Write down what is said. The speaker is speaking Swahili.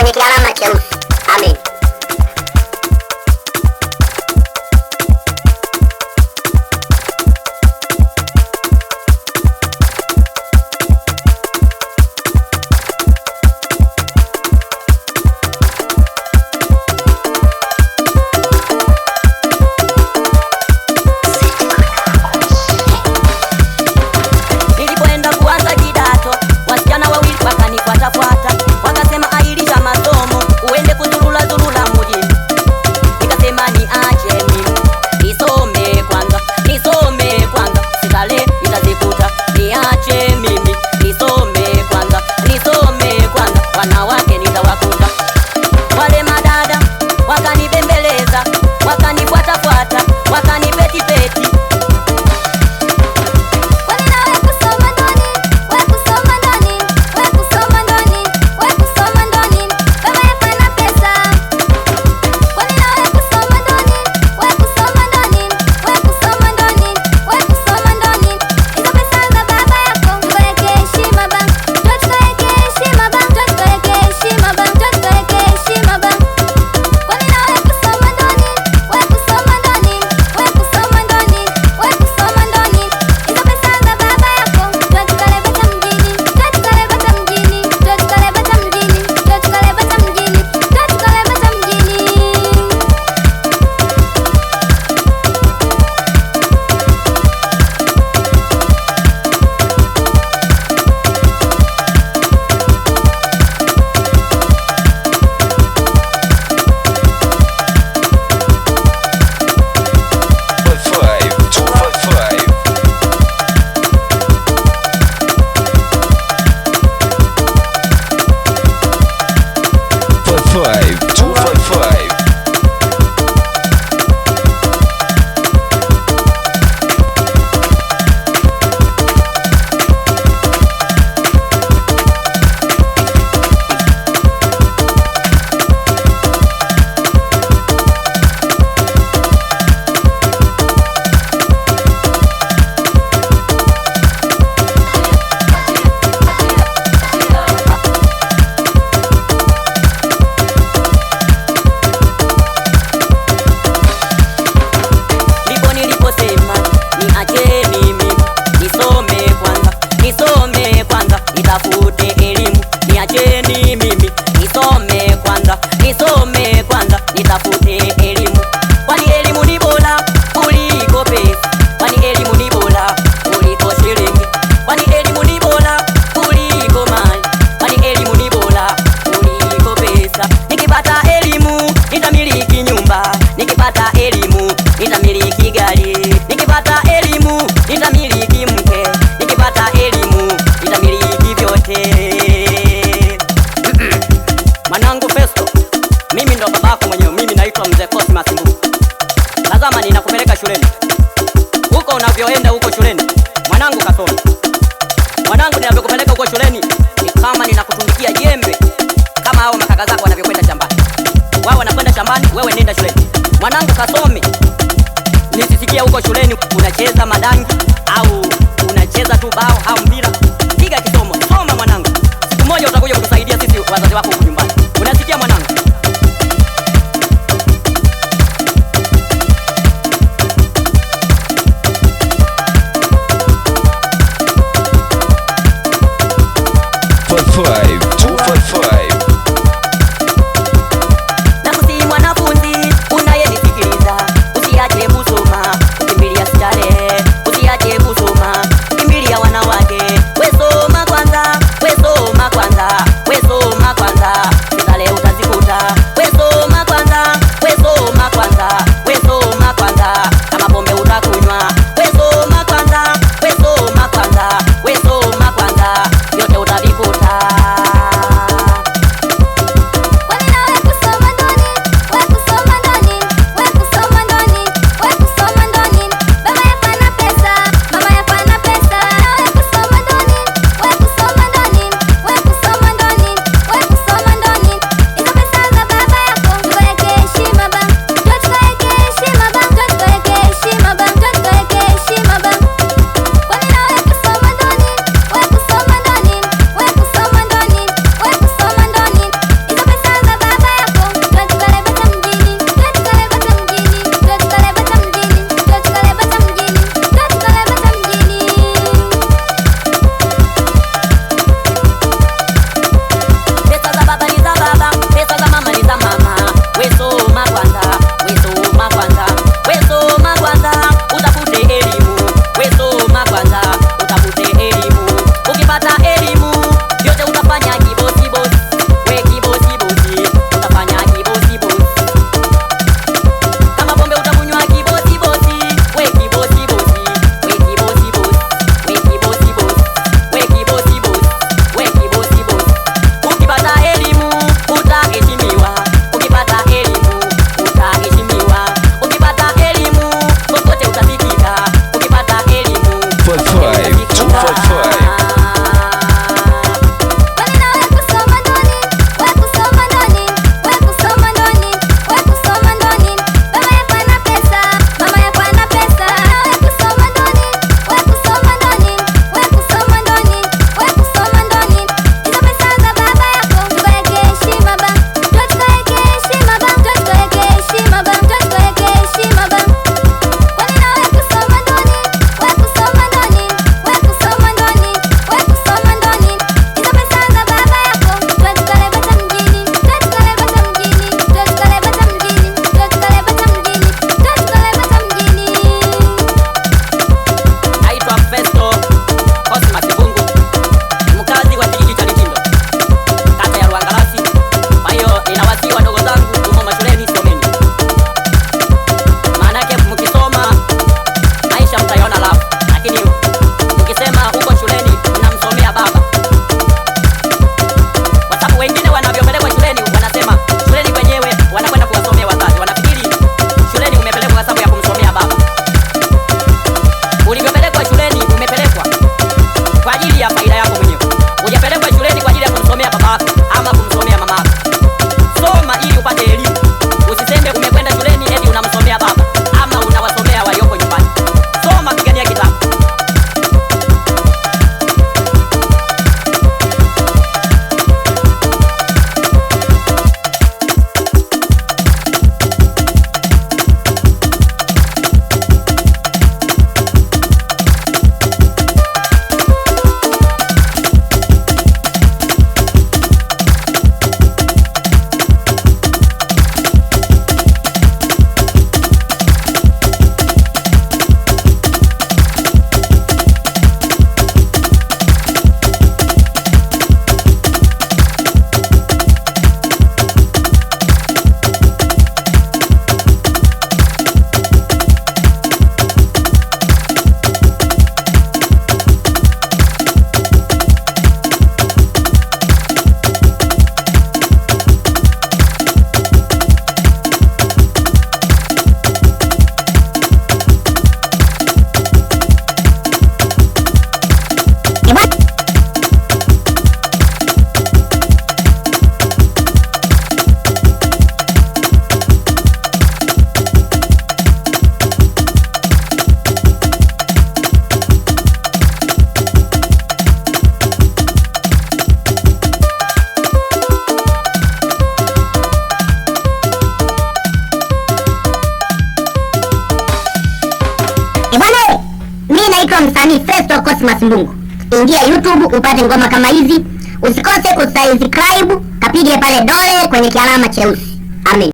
12 kilograma, kaka zako wanavyokwenda shambani. Wao wanakwenda shambani, wewe nenda shuleni. Mwanangu kasome, nisisikia huko shuleni unacheza madangi au unacheza tu bao au mpira. Piga kisomo, soma mwanangu, siku moja utakuja kutusaidia sisi wazazi wako huku. festo yaani Cosmas Mbungu. Ingia YouTube upate ngoma kama hizi. Usikose kusubscribe, kapige pale dole kwenye kialama cheusi. Amen.